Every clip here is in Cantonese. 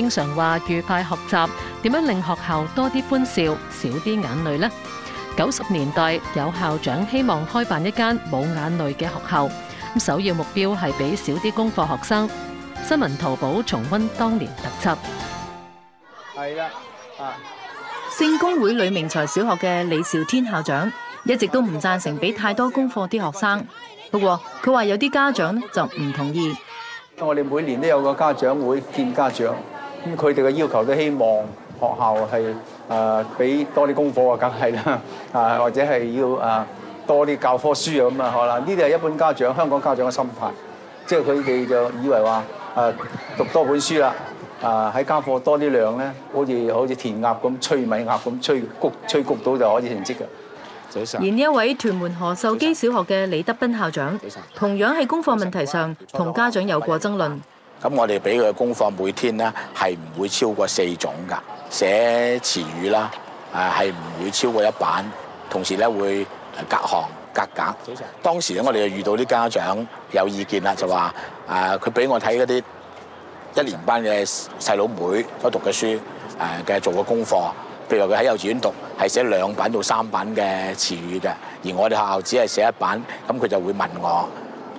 經常話愉快學習，點樣令學校多啲歡笑，少啲眼淚呢？九十年代有校長希望開辦一間冇眼淚嘅學校，首要目標係俾少啲功課學生。新聞淘寶重溫當年特輯，係啦，啊、聖公會呂明才小學嘅李兆天校長一直都唔贊成俾太多功課啲學生，不過佢話有啲家長就唔同意。我哋每年都有個家長會見家長。咁佢哋嘅要求都希望學校係啊俾多啲功課啊，梗係啦啊，或者係要啊多啲教科書咁啊，好啦，呢啲係一般家長、香港家長嘅心態，即係佢哋就以為話啊讀多本書啦啊喺家課多啲量咧，好似好似填鴨咁、吹米鴨咁、催谷、催谷到就可以成績㗎。謝謝。而一位屯門何秀基小學嘅李德斌校長，同樣喺功課問題上同家長有過爭論。咁我哋俾佢嘅功課每天咧係唔會超過四種噶，寫詞語啦，誒係唔會超過一版，同時咧會隔行隔格。當時當時咧我哋就遇到啲家長有意見啦，就話佢俾我睇嗰啲一年班嘅細佬妹都讀嘅書，誒、呃、嘅做嘅功課，譬如佢喺幼稚園讀係寫兩版到三版嘅詞語嘅，而我哋學校只係寫一版，咁佢就會問我，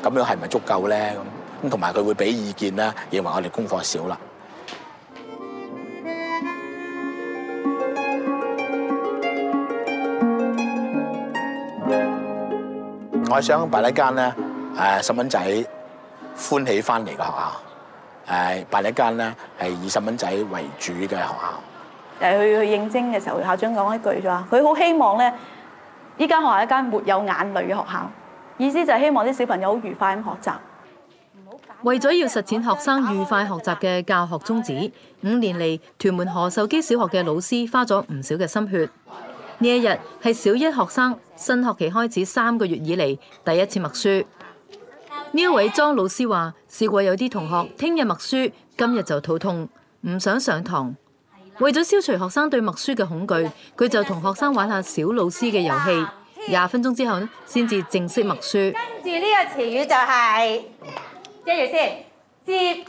咁樣係咪足夠咧？咁同埋佢會俾意見咧，認為我哋功課少啦、 啊啊。我想辦一間咧，誒細蚊仔歡喜翻嚟嘅學校，誒辦一間咧係以細蚊仔為主嘅學校。誒去去應徵嘅時候，校長講一句就話：佢好希望咧，依間學校係一間沒有眼淚嘅學校。意思就係希望啲小朋友好愉快咁學習。為咗要實踐學生愉快學習嘅教學宗旨，五年嚟屯門何壽基小學嘅老師花咗唔少嘅心血。呢一日係小一學生新學期開始三個月以嚟第一次默書。呢一位莊老師話，試過有啲同學聽日默書，今日就肚痛，唔想上堂。為咗消除學生對默書嘅恐懼，佢就同學生玩下小老師嘅遊戲，廿分鐘之後呢，先至正式默書。跟住呢個詞語就係。跟住先接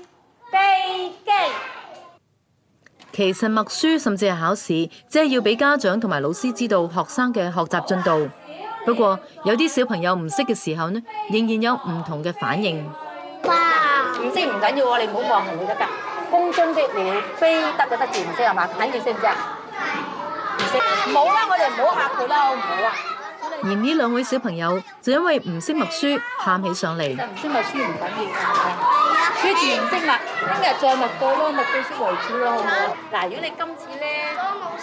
飛機。其實默書甚至係考試，即係要俾家長同埋老師知道學生嘅學習進度。不過有啲小朋友唔識嘅時候呢，仍然有唔同嘅反應。哇！唔識唔緊要喎，你唔好望紅色架。功專的你要飛得嘅得字唔識係嘛？等住識唔識啊？唔識，唔好啦！我哋唔好嚇佢啦，好唔好啊？而呢兩位小朋友就因為唔識默書，喊起上嚟。唔識默書唔緊要，書字唔識默，聽日再默過咯，默到識為止咯，好唔好？嗱，如果你今次咧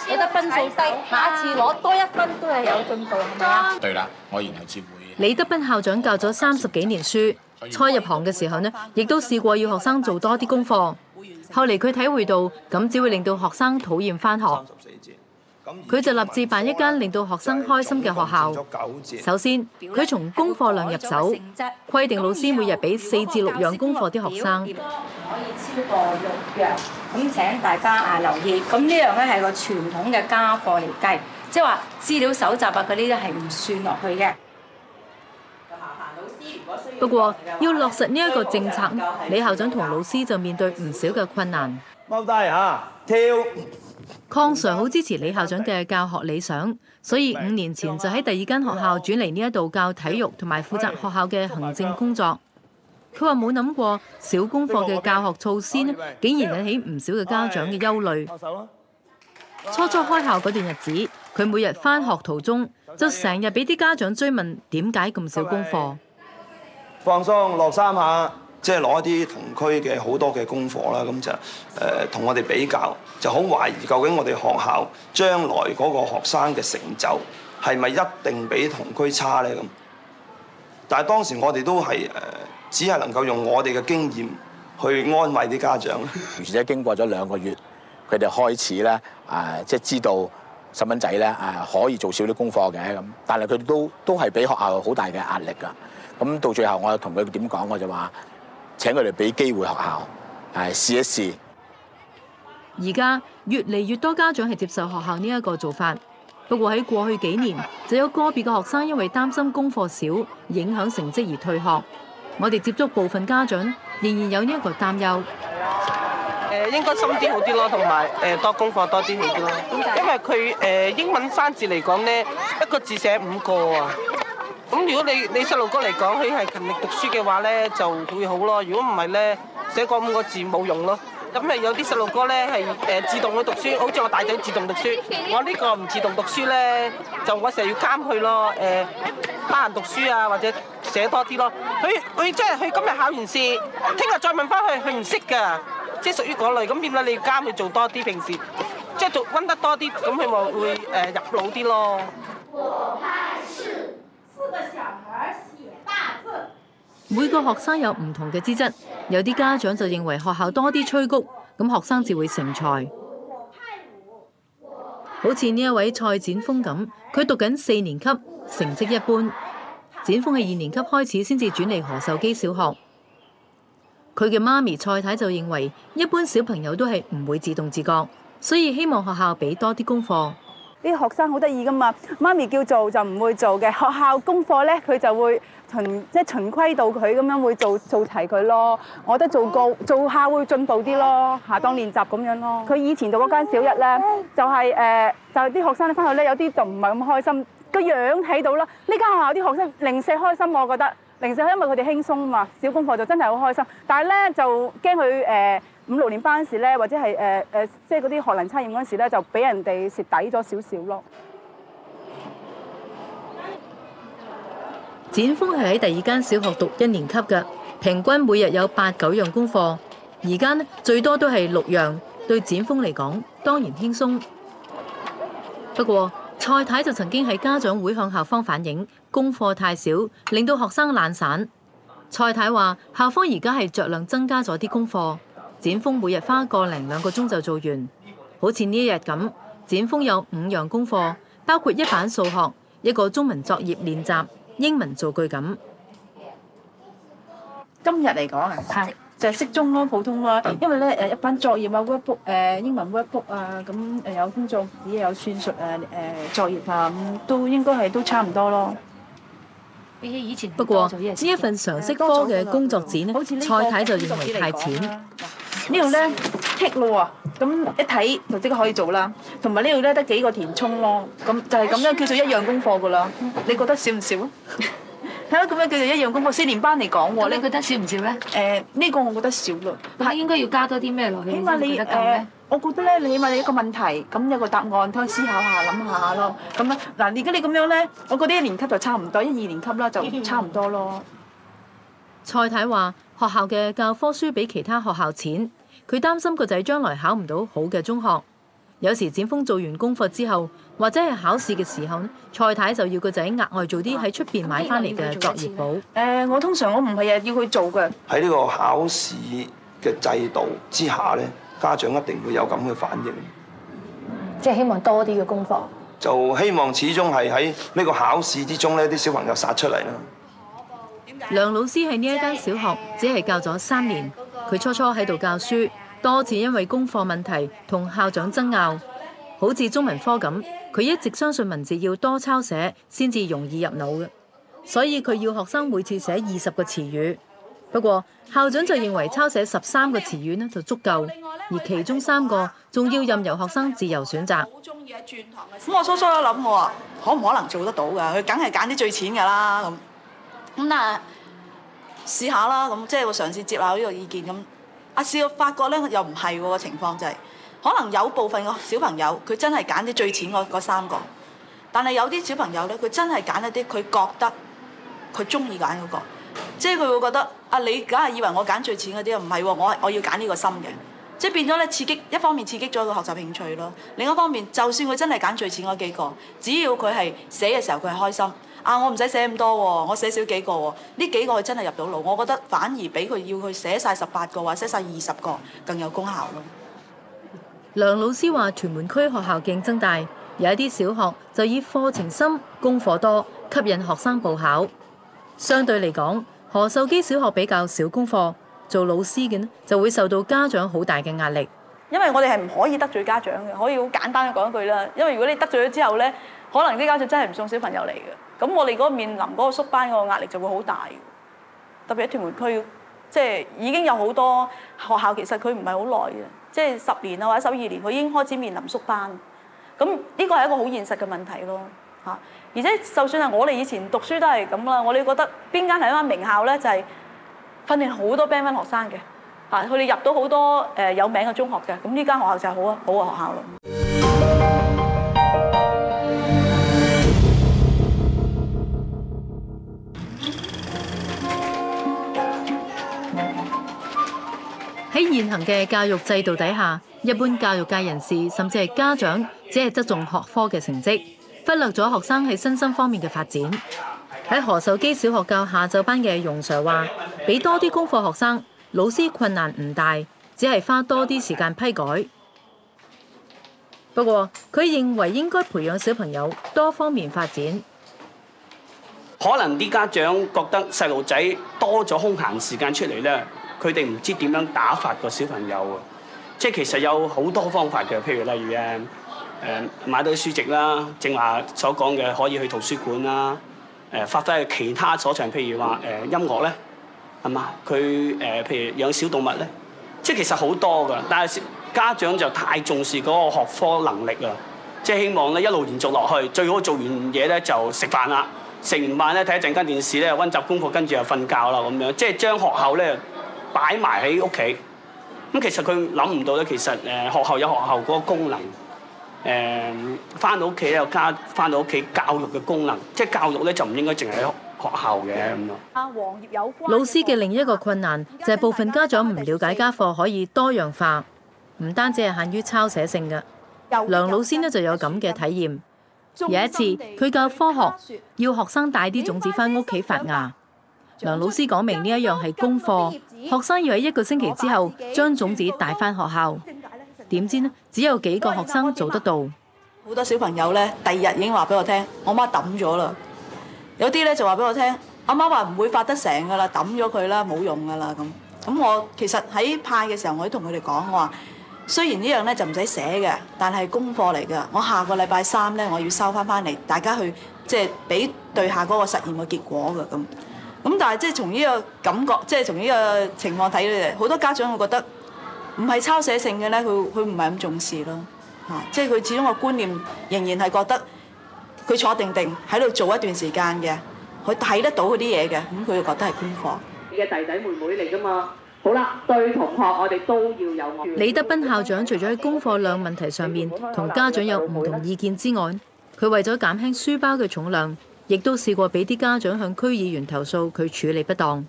你得分數低，下一次攞多一分都係有進步，係咪啊？對啦，我然後接會。李德斌校長教咗三十幾年書，初入行嘅時候呢，亦都試過要學生做多啲功課，後嚟佢體會到，咁只會令到學生討厭返學。佢就立志辦一間令到學生開心嘅學校。首先，佢從功課量入手，規定老師每日俾四至六樣功課啲學生，唔可以超過六樣，咁請大家啊留意。咁呢樣咧係個傳統嘅家課嚟計，即係話資料搜集啊嗰啲係唔算落去嘅。不過要落實呢一個政策，李校長同老師就面對唔少嘅困難。踎低吓，跳。Con Sir 好支持李校長嘅教學理想，所以五年前就喺第二間學校轉嚟呢一度教體育同埋負責學校嘅行政工作。佢話冇諗過少功課嘅教學措施咧，竟然引起唔少嘅家長嘅憂慮。初初開校嗰段日子，佢每日返學途中就成日俾啲家長追問點解咁少功課。放鬆，落三下。即係攞一啲同區嘅好多嘅功課啦，咁就誒同、呃、我哋比較，就好懷疑究竟我哋學校將來嗰個學生嘅成就係咪一定比同區差咧咁？但係當時我哋都係誒、呃，只係能夠用我哋嘅經驗去安慰啲家長。而且經過咗兩個月，佢哋開始咧啊、呃，即係知道細蚊仔咧啊、呃，可以做少啲功課嘅咁，但係佢都都係俾學校好大嘅壓力㗎。咁到最後我跟他說，我同佢點講我就話。請佢哋俾機會學校，係試一試。而家越嚟越多家長係接受學校呢一個做法，不過喺過去幾年就有個別嘅學生因為擔心功課少，影響成績而退學。我哋接觸部分家長，仍然有呢一個擔憂。誒應該深啲好啲咯，同埋誒多功課多啲好啲咯，因為佢誒、呃、英文生字嚟講，呢一個字寫五個啊。咁如果你你細路哥嚟講，佢係勤力讀書嘅話咧，就會好咯。如果唔係咧，寫五個字冇用咯。咁咪有啲細路哥咧係誒自動去讀書，好似我大仔自動讀書。我呢個唔自動讀書咧，就我成日要監佢咯。誒，得閒讀書啊，或者寫多啲咯。佢佢即係佢今日考完試，聽日再問翻佢，佢唔識㗎，即係屬於嗰類。咁點解你要監佢做多啲，平時即係做溫得多啲，咁佢咪會誒入腦啲咯。每個小孩寫大字，每個學生有唔同嘅資質，有啲家長就認為學校多啲催谷，咁學生就會成才。好似呢一位蔡展峰咁，佢讀緊四年級，成績一般。展峰喺二年級開始先至轉嚟何壽基小學，佢嘅媽咪蔡太太就認為，一般小朋友都係唔會自動自覺，所以希望學校俾多啲功課。啲學生好得意噶嘛，媽咪叫做就唔會做嘅。學校功課咧，佢就會循即係循規蹈矩咁樣會做做齊佢咯。我覺得做個做下會進步啲咯，下當練習咁樣咯。佢以前做嗰間小一咧，就係、係、誒，就啲、係、學生翻去咧，有啲就唔係咁開心，個樣睇到啦。呢間學校啲學生零舍開心，我覺得零舍因為佢哋輕鬆嘛，少功課就真係好開心。但係咧就驚佢誒。呃五六年班時咧，或者係誒誒，即係嗰啲學能測驗嗰陣時咧，就俾人哋蝕底咗少少咯。展峯係喺第二間小學讀一年級嘅，平均每日有八九樣功課，而家最多都係六樣。對展峯嚟講，當然輕鬆。不過蔡太就曾經喺家長會向校方反映功課太少，令到學生懶散。蔡太話：校方而家係酌量增加咗啲功課。展鋒每日花個零兩個鐘就做完，好似呢一日咁。展鋒有五樣功課，包括一版數學、一個中文作業練習、英文造句咁。今日嚟講啊，就係適中咯，普通咯，嗯，因為咧誒一版作業啊 workbook 誒、呃、英文 workbook 啊、呃，咁誒有工作紙有算術，誒、誒，作業啊、咁、呃、都應該係都差唔多咯。比起以前，不過呢一份常識科嘅工作紙，咧，蔡、這個這個、蔡太就認為太淺。啊哦這呢度咧，剔咯喎，咁一睇就即刻可以做啦。同埋呢度咧，得幾個填充咯。咁就係咁樣叫做一樣功課噶啦。你覺得少唔少啊？係咯，咁樣叫做一樣功課。四年班嚟講喎，你覺得少唔少咧？誒、欸，呢、這個我覺得少咯。嚇，應該要加多啲咩落去？起碼你誒，我覺得咧，你起碼你一個問題，咁有個答案，可以思考一下、諗下咯。咁、啊、樣嗱，而家你咁樣咧，我覺得一年級就差唔多，一二年級啦就差唔多咯。 蔡太話：學校嘅教科書比其他學校淺。佢擔心個仔將來考唔到好嘅中學。有時展鋒做完功課之後，或者係考試嘅時候，蔡太就要個仔額外做啲喺出邊買翻嚟嘅作業簿。誒、呃，我通常我唔係日日要去做嘅。喺呢個考試嘅制度之下呢，家長一定會有咁嘅反應，即係希望多啲嘅功課。就希望始終係喺呢個考試之中呢，啲小朋友殺出嚟啦。梁老師喺呢一間小學，就係、只係教咗三年，佢初初喺度教書。多次因為功課問題同校長爭拗，好似中文科咁，佢一直相信文字要多抄寫先至容易入腦嘅，所以佢要學生每次寫二十個詞語。不過校長就認為抄寫十三個詞語呢就足夠，而其中三個仲要任由學生自由選擇。咁我初初都諗，我話可唔可能做得到㗎？佢梗係揀啲最淺㗎啦咁。咁但係試下啦，咁即係嘗試接受呢個意見咁。阿、啊、笑發覺咧，又唔係、這個嗰個情況就係、是，可能有部分個小朋友佢真係揀啲最淺嗰三個，但係有啲小朋友咧，佢真係揀一啲佢覺得佢中意揀嗰個，即係佢會覺得阿、啊、你梗係以為我揀最淺嗰啲啊，唔係喎，我我要揀呢個深嘅。即係變咗咧刺激一方面刺激咗個學習興趣咯，另一方面就算佢真係揀最淺嗰幾個，只要佢係寫嘅時候佢係開心。啊！我唔使寫咁多喎，我寫少幾個喎。呢幾個真係入到腦，我覺得反而比佢要佢寫晒十八個或寫晒二十個更有功效咯。梁老師話：屯門區學校競爭大，有一啲小學就以課程深、功課多吸引學生報考。相對嚟講，何秀基小學比較少功課。做老師嘅呢就會受到家長好大嘅壓力。因為我哋係唔可以得罪家長嘅，可以好簡單嘅講一句啦。因為如果你得罪咗之後呢，可能啲家長真係唔送小朋友嚟嘅。咁我哋嗰個面臨嗰個縮班個壓力就會好大，特別喺屯門區，即係已經有好多學校，其實佢唔係好耐嘅，即係十年啊或者十二年，佢已經開始面臨縮班。咁呢個係一個好現實嘅問題咯，嚇！而且就算係我哋以前讀書都係咁啦，我哋覺得邊間係一間名校咧，就係訓練好多 band one 學生嘅，嚇佢哋入到好多誒有名嘅中學嘅，咁呢間學校就係好啊好嘅學校咯。喺現行嘅教育制度底下，一般教育界人士甚至係家長，只係側重學科嘅成績，忽略咗學生喺身心方面嘅發展。喺何壽基小學教下晝班嘅容 Sir 話，俾多啲功課，學生老師困難唔大，只係花多啲時間批改。不過佢認為應該培養小朋友多方面發展。可能啲家長覺得細路仔多咗空閒時間出嚟咧。佢哋唔知點樣打發個小朋友㗎，即係其實有好多方法嘅，譬如例如咧，誒買到書籍啦，正話所講嘅可以去圖書館啦，誒發揮其他所長，譬如話誒音樂咧，係嘛？佢誒譬如養小動物咧，即係其實好多㗎。但係家長就太重視嗰個學科能力啦，即係希望咧一路延續落去，最好做完嘢咧就食飯啦，食完飯咧睇一陣間電視咧温習功課，跟住又瞓覺啦咁樣，即係將學校咧。擺埋喺屋企，咁其實佢諗唔到咧。其實誒學校有學校嗰個功能，誒翻到屋企有又翻到屋企教育嘅功能，即係教育咧就唔應該淨係喺學校嘅咁咯。老師嘅另一個困難就係部分家長唔了解家課可以多樣化，唔單止係限於抄寫性嘅。梁老師呢就有咁嘅體驗。有一次佢教科學，要學生帶啲種子翻屋企發芽。梁老師講明呢一樣係功課。學生要喺一個星期之後將種子帶翻學校，點知呢？只有幾個學生做得到。好多小朋友咧，第二日已經話俾我聽，我媽抌咗啦。有啲咧就話俾我聽，阿媽話唔會發得成噶啦，抌咗佢啦，冇用噶啦咁。咁我其實喺派嘅時候，我都同佢哋講，我話雖然呢樣咧就唔使寫嘅，但係功課嚟㗎。我下個禮拜三咧，我要收翻翻嚟，大家去即係俾對下嗰個實驗嘅結果㗎咁。咁但係即係從呢個感覺，即係從呢個情況睇咧，好多家長我覺得唔係抄寫性嘅咧，佢佢唔係咁重視咯嚇。即係佢始終個觀念仍然係覺得佢坐定定喺度做一段時間嘅，佢睇得到嗰啲嘢嘅，咁佢就覺得係功課。你嘅弟弟妹妹嚟㗎嘛？好啦，對同學我哋都要有愛。李德斌校長除咗喺功課量問題上面同家長有唔同意見之外，佢為咗減輕書包嘅重量。亦都試過俾啲家長向區議員投訴佢處理不當。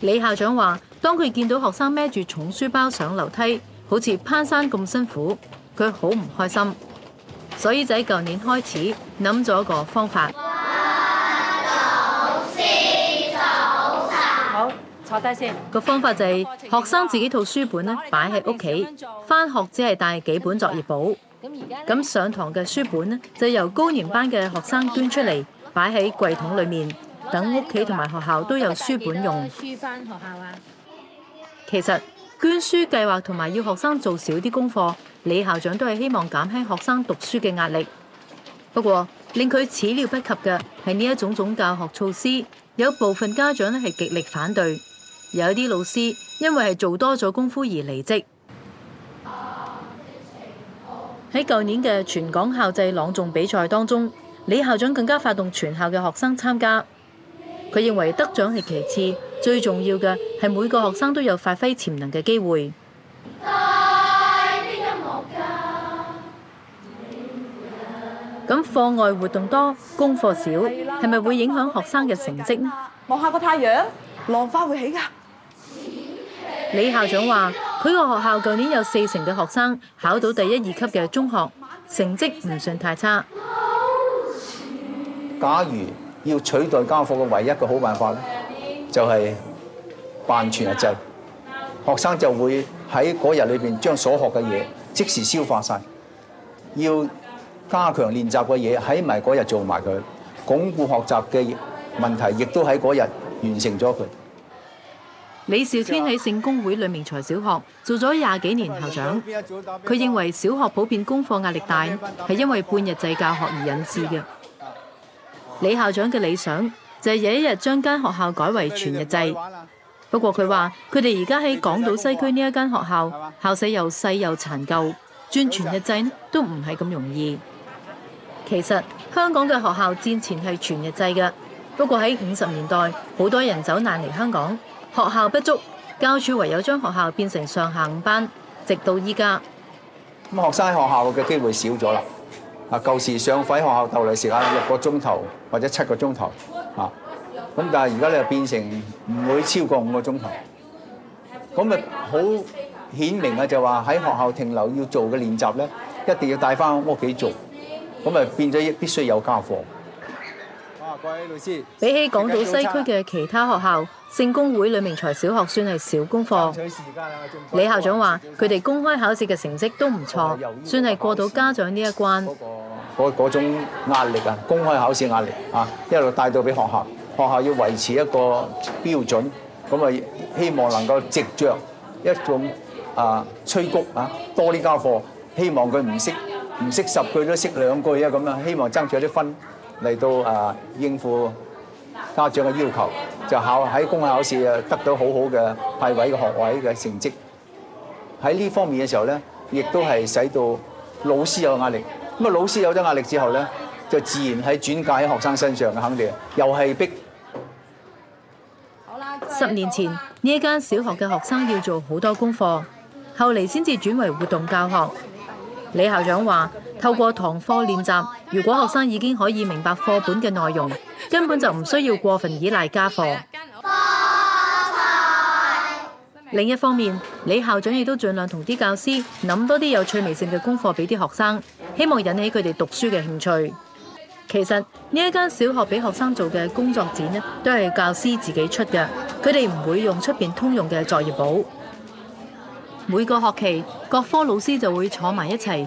李校長話，當佢見到學生孭住重書包上樓梯，好似攀山咁辛苦，佢好唔開心。所以仔舊年開始諗咗個方法。啊、老師早晨好，坐低先。個方法就係、是、學生自己套書本咧，擺喺屋企，翻學只係帶幾本作業簿。咁上堂嘅書本就由高年班嘅學生捐出嚟。擺喺櫃桶裏面，等屋企同埋學校都有書本用。捐書翻學校啊！其實捐書計劃同埋要學生做少啲功課，李校長都係希望減輕學生讀書嘅壓力。不過令佢始料不及嘅係呢一種種教學措施，有部分家長呢係極力反對，有啲老師因為係做多咗功夫而離職。喺舊年嘅全港校際朗誦比賽當中，李校長更加發動全校嘅學生參加。佢認為得獎係其次，最重要嘅係每個學生都有發揮潛能嘅機會。咁課外活動多，功課少，係咪會影響學生嘅成績？望下個太陽，浪花會起㗎。李校長話：佢個學校舊年有四成嘅學生考到第一、二級嘅中學，成績唔算太差。假如要取代家課嘅唯一嘅好辦法咧，就係辦全日制，學生就會喺嗰日裏邊將所學嘅嘢即時消化曬，要加強練習嘅嘢喺埋嗰日做埋佢，鞏固學習嘅問題亦都喺嗰日完成咗佢。李兆天喺聖公會李明才小學做咗廿幾年校長，佢認為小學普遍功課壓力大，係因為半日制教學而引致嘅。李校長嘅理想就係有一日將間學校改為全日制。不過佢話佢哋而家喺港島西區呢一間學校，校舍又細又殘舊，轉全日制都唔係咁容易。其實香港嘅學校戰前係全日制嘅，不過喺五十年代好多人走難嚟香港，學校不足，教處唯有將學校變成上下午班，直到依家。咁學生喺學校嘅機會少咗啦。啊，舊時上課喺學校逗留時間六個鐘頭或者七個鐘頭，嚇，咁但係而家咧變成唔會超過五個鐘頭，咁咪好顯明呀，就話喺學校停留要做嘅練習咧，一定要帶翻屋企做，咁咪變咗必須有家課。喂，老師。比起港島西區嘅其他學校，聖公會呂明才小學算係少功課。李校長話：佢哋公開考試嘅成績都唔錯，算係過到家長呢一關。嗰嗰種壓力啊，公開考試壓力啊，一路帶到俾學校，學校要維持一個標準，咁啊，希望能夠直着一種啊催谷啊，多啲家課，希望佢唔識唔識十句都識兩句啊，咁樣希望爭取啲分。嚟到啊應付家長嘅要求，就考喺公開考試啊得到好好嘅派位嘅學位嘅成績。喺呢方面嘅時候咧，亦都係使到老師有壓力。咁啊老師有咗壓力之後咧，就自然喺轉嫁喺學生身上嘅，肯定又係逼。十年前呢間小學嘅學生要做好多功課，後嚟先至轉為活動教學。李校長話。透過堂課練習，如果學生已經可以明白課本嘅內容，根本就唔需要過分依賴家課。另一方面，李校長亦都盡量同啲教師諗多啲有趣味性嘅功課俾啲學生，希望引起佢哋讀書嘅興趣。其實呢一間小學俾學生做嘅工作展都係教師自己出嘅，佢哋唔會用出面通用嘅作業簿。每個學期，各科老師就會坐埋一齊。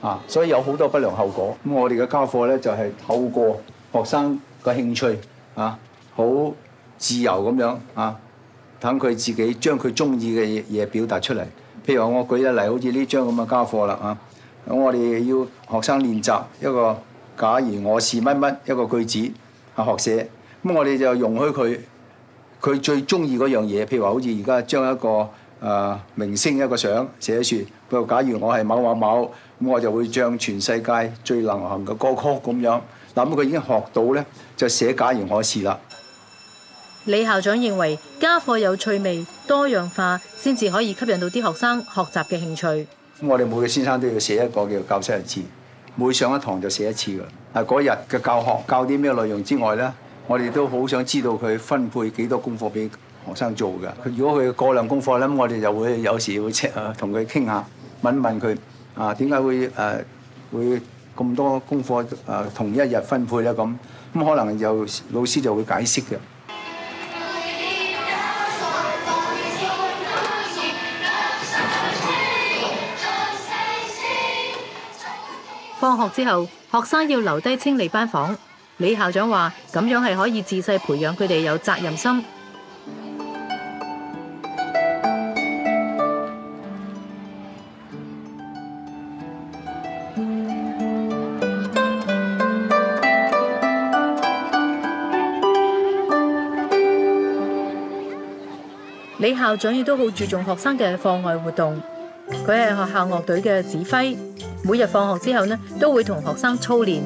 啊！所以有好多不良後果。咁我哋嘅家課咧就係、是、透過學生嘅興趣，啊，好自由咁樣啊，等佢自己將佢中意嘅嘢表達出嚟。譬如我舉一例，好似呢張咁嘅家課啦啊。咁我哋要學生練習一個假如我是乜乜一個句子啊，學寫。咁我哋就容許佢佢最中意嗰樣嘢。譬如話好似而家將一個，誒、呃、明星一個相寫住，佢話假如我係某某某，咁我就會將全世界最流行嘅歌曲咁樣。諗佢已經學到咧，就寫假如我事啦。李校長認為家課有趣味、多樣化，先至可以吸引到啲學生學習嘅興趣。我哋每個先生都要寫一個叫教師日誌，每上一堂就寫一次㗎。係嗰日嘅教學教啲咩內容之外咧，我哋都好想知道佢分配幾多功課俾。學生做嘅佢，如果佢過量功課咧，咁我哋就會有時會即係同佢傾下，問問佢啊，點解會誒會咁多功課誒同一日分配咧？咁咁可能又老師就會解釋嘅。放學之後，學生要留低清理班房。李校長話：咁樣係可以自細培養佢哋有責任心。李校長亦都好注重學生嘅課外活動，佢係學校樂隊嘅指揮，每日放學之後呢都會同學生操練。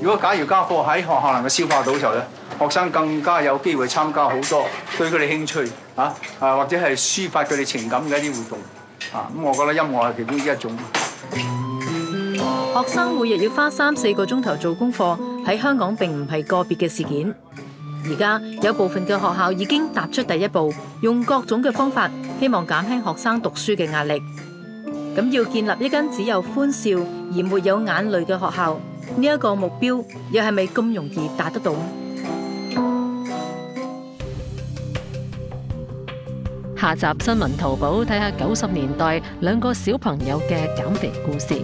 如果假如家課喺學校能夠消化到嘅時候咧，學生更加有機會參加好多對佢哋興趣啊，或者係抒發佢哋情感嘅一啲活動。啊！我覺得音樂係其中一種。嗯、學生每日要花三四個鐘頭做功課，喺香港並唔係個別嘅事件。而家有部分嘅學校已經踏出第一步，用各種嘅方法，希望減輕學生讀書嘅壓力。咁要建立一間只有歡笑而沒有眼淚嘅學校，呢、這、一個目標又係咪咁容易達得到？下集新聞掏寶，睇下九十年代兩個小朋友嘅減肥故事。